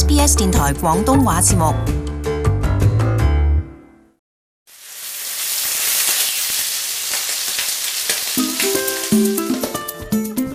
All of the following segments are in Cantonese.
SBS 電台廣東話節目，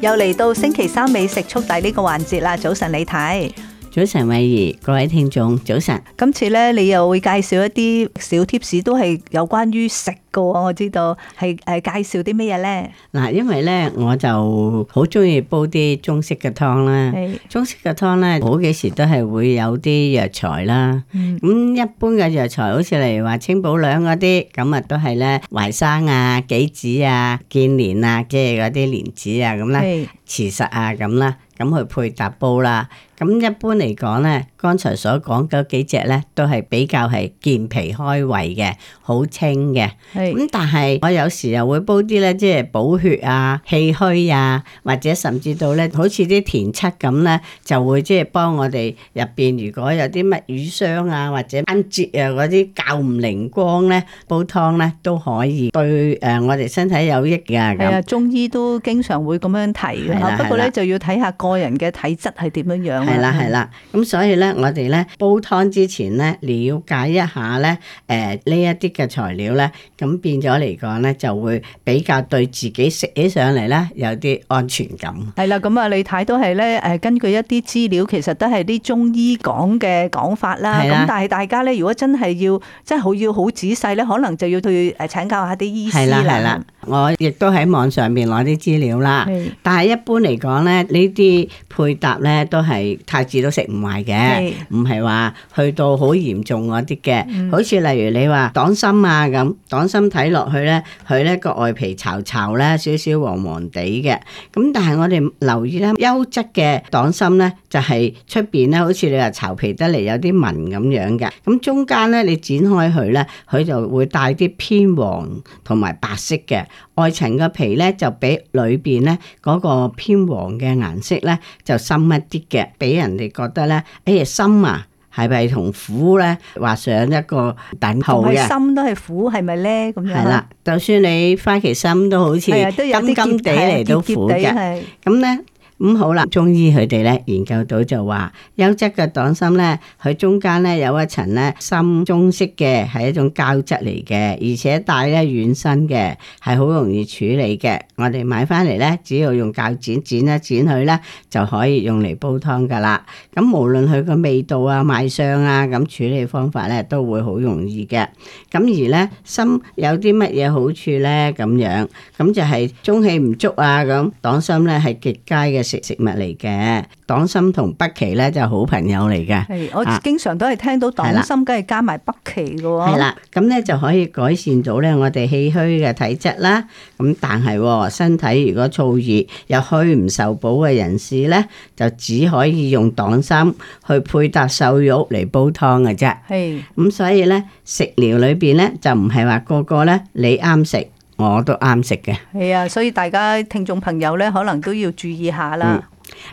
又嚟到星期三美食速遞呢個環節啦！早晨，你睇。早晨，偉兒，各位聽眾，早晨。今次咧，你又會介紹一啲小貼士，都係有關於食嘅。我知道係誒介紹啲咩嘢咧？嗱，因為咧，我就好中意煲啲中式嘅湯啦。是中式嘅湯咧，好幾時都係會有啲藥材啦。咁、嗯、一般嘅藥材，好似例如話清補涼嗰啲，咁啊都係咧淮山啊、杞子啊、建蓮啊，即係嗰啲蓮子啊，咁咧芡實啊，咁啦，咁去配搭煲啦。咁一般嚟講咧，剛才所講嗰幾隻咧，都係比較係健脾開胃嘅，好清嘅。咁是的 但係我有時又會煲啲咧，即係補血啊、氣虛啊，或者甚至到咧，好似啲田七咁咧，就會即係幫我哋入邊如果有啲乜瘀傷啊，或者關節啊嗰啲較唔靈光咧，煲湯咧都可以，對誒我哋身體有益㗎。係啊，中醫都經常會咁樣提嘅。不過咧就要睇下個人嘅體質係點樣樣。係啦，係啦，咁、嗯、所以咧，我哋咧煲湯之前咧，了解一下咧，誒呢一啲嘅材料咧，咁變咗嚟講咧，就會比較對自己食起上嚟咧有啲安全感。係啦，咁啊，李太都係咧，誒根據一啲資料，其實都係啲中醫講嘅講法啦。係啦。咁但係大家咧，如果真係要，真係好要好仔細咧，可能就要去誒請教下啲醫師啦。係啦，係啦。我亦都喺網上面攞啲資料啦，是但係一般嚟講咧，呢啲配搭咧都係太子都食唔壞嘅，唔係話去到嚴、嗯、好嚴重嗰啲嘅。好似例如你話黨參啊咁，黨參睇落去咧，佢咧個外皮巢巢咧少少黃黃地嘅。咁但係我哋留意咧、啊，優質嘅黨參咧就係出邊咧，好似你話巢皮得嚟有啲紋咁樣嘅。咁中間咧你剪開佢咧，佢就會帶啲偏黃同埋白色嘅。愛情嘅皮咧就比裏邊咧嗰個偏黃嘅顏色咧就深一啲嘅，俾人哋覺得咧，誒、欸，深啊，係咪同苦咧劃上一個等號嘅？深都係苦，係咪咧？咁樣係啦，就算你花旗深都好似，係啊，都有啲甘嘅，甘甘哋嘅。咁咧。咁好啦，中醫佢哋咧研究到就話，優質嘅黨蔘咧，佢中間咧有一層咧深棕色嘅，係一種膠質嚟嘅，而且帶咧軟身嘅，係好容易處理嘅。我哋買返嚟咧，只要用鉸剪剪一剪佢咧，就可以用嚟煲湯㗎喇。咁無論佢個味道啊、賣相啊，咁處理方法咧都會好容易嘅。咁而咧，蔘有啲乜嘢好處咧？咁樣咁就係中氣唔足啊，咁黨蔘咧係極佳嘅。食食物嚟嘅黨參同北芪咧就係好朋友嚟嘅。係，我經常都係聽到黨參梗係加埋北芪嘅。係啦，咁咧就可以改善到咧我哋氣虛嘅體質啦。咁但係身體如果燥熱又虛唔受補嘅人士咧，就只可以用黨參去配搭瘦肉嚟煲湯嘅啫。係，咁所以咧食療裏邊咧就唔係話個個咧你啱食。我都啱食嘅，係啊，所以大家聽眾朋友咧，可能都要注意下啦。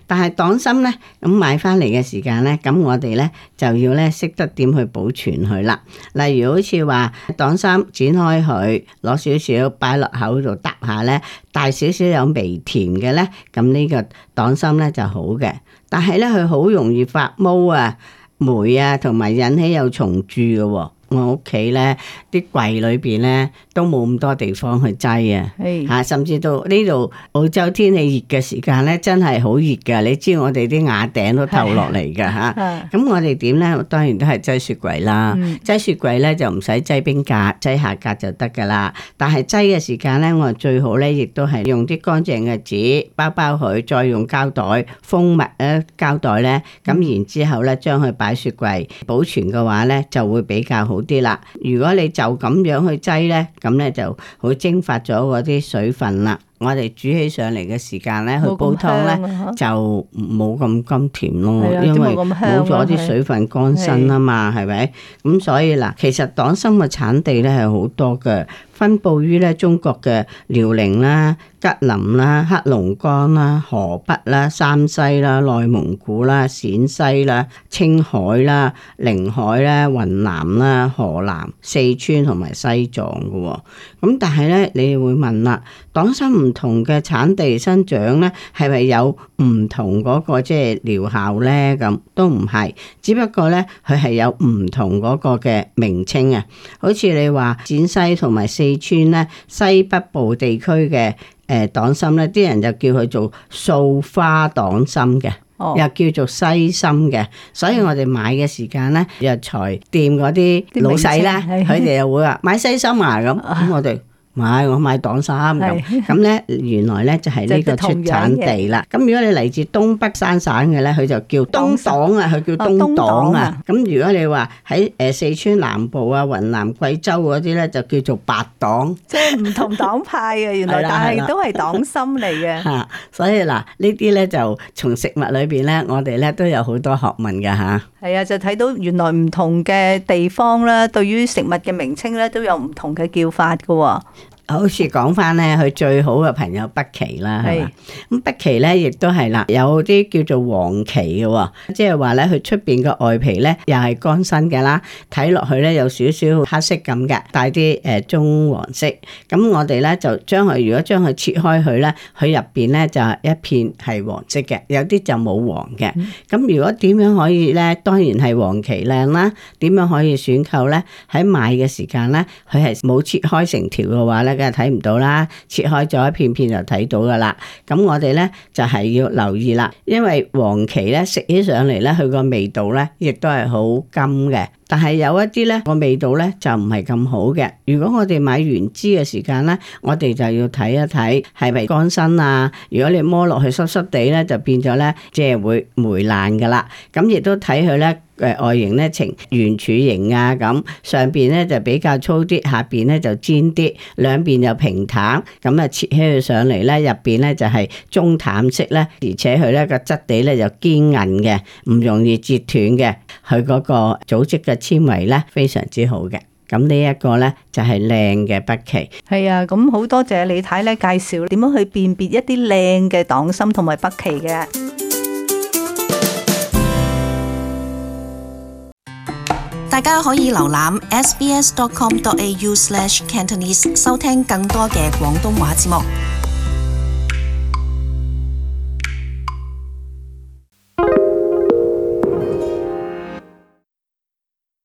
但係黨參咧，咁買翻嚟嘅時間咧，咁我哋咧就要咧識得點去保存佢啦。例如好似話黨參剪開佢，攞少少擺落口度搭下咧，帶少少有微甜嘅咧，咁呢個黨參咧就好嘅。但係咧，佢好容易發毛啊、霉啊，同埋引起有蟲蛀嘅。我屋企咧，啲櫃裏邊咧都冇咁多地方去擠啊！嚇是、啊，甚至到呢度澳洲天氣熱嘅時間咧，真係好熱噶。你知我哋啲瓦頂都透落嚟噶嚇。咁、啊啊、我哋點咧？當然都係擠雪櫃啦。擠、嗯、雪櫃咧就唔使擠冰格，擠下格就得噶啦。但係擠嘅時間咧，我最好咧亦都係用啲乾淨嘅紙包包佢，再用膠袋封密咧、呃、膠袋咧。咁然之後咧，將佢擺雪櫃保存嘅話咧，就會比較好。好啲啦，如果你就咁樣去擠呢，咁呢就好蒸發咗嗰啲水分啦。我哋煮起上嚟嘅時間呢，啊、去煲湯呢就冇咁甘甜咯，的因為冇咗啲水分乾身啊嘛，係咪的？咁所以嗱，其實黨參嘅產地呢係好多嘅，分布於呢中國嘅遼寧啦。吉林啦、黑龍江啦、河北啦、山西啦、內蒙古啦、陝西啦、青海啦、寧海啦、雲南啦、河南、四川同埋西藏嘅喎，哦。咁但係咧，你會問啦，黨參唔同嘅產地生長咧，係咪有唔同嗰、嗰個即係療效咧？咁都唔係，只不過咧，佢係有唔同嗰個嘅名稱啊。好似你話陝西同埋四川咧，西北部地區嘅。誒、呃、黨參咧，啲人就叫佢做素花黨參嘅，oh. 又叫做西參嘅，所以我哋買嘅時間咧，藥材店嗰啲老細咧，佢哋又會話買西參啊咁，咁、oh. 嗯、我哋。買我買黨參咁，咁咧是原來咧就係呢個出產地啦。咁如果你嚟自東北三省嘅咧，佢就叫東黨啊，佢叫東黨啊。咁、哦啊、如果你話喺誒四川南部啊、雲南、貴州嗰啲咧，就叫做白黨。即係唔同黨派啊，原來， 但係都係黨參嚟嘅。吓， 所以嗱，呢啲咧就從食物裏邊咧，我哋咧都有好多學問噶吓。係啊，就睇到原來唔同嘅地方咧，對於食物嘅名稱咧，都有唔同嘅叫法噶。好似講翻咧，佢最好嘅朋友北芪啦，係咁是北芪咧，亦都係啦，有啲叫做黃芪嘅喎，即係話咧，佢出邊個外皮咧，又係乾身嘅啦，睇落去咧有少少黑色咁嘅，帶啲誒棕黃色。咁我哋咧就將佢，如果將佢切開佢咧，佢入邊咧就一片係黃色嘅，有啲就冇黃嘅。咁、嗯、如果點樣可以咧，當然係黃芪靚啦。點樣可以選購咧？喺買嘅時間咧，佢係冇切開成條嘅話咧。梗係睇唔到啦，切開咗一片片就睇到㗎喇。咁我哋咧就係、是、要留意啦，因為黃芪咧食起上嚟咧，佢個味道咧亦都係好甘嘅。但係有一啲咧個味道咧就唔係咁好嘅。如果我哋買原枝嘅時間咧，我哋就要睇一睇係咪乾身啊。如果你摸落去濕濕地咧，就變咗咧即係會黴爛噶啦。咁亦都睇佢咧誒外形咧呈圓柱形啊，咁上邊咧就比較粗啲，下邊咧就尖啲，兩邊又平坦。咁啊切起佢上嚟咧，入邊咧就係中淡色咧，而且佢咧個質地咧就堅韌嘅，唔容易折斷嘅。佢嗰個組織嘅。纖維咧非常之好嘅，咁呢一個咧就係靚嘅北芪。係啊，咁好多謝李太咧介紹點樣去辨別一啲靚嘅黨蔘同埋北芪嘅。大家可以瀏覽 sbs.com.au/cantonese 收聽更多嘅廣東話節目。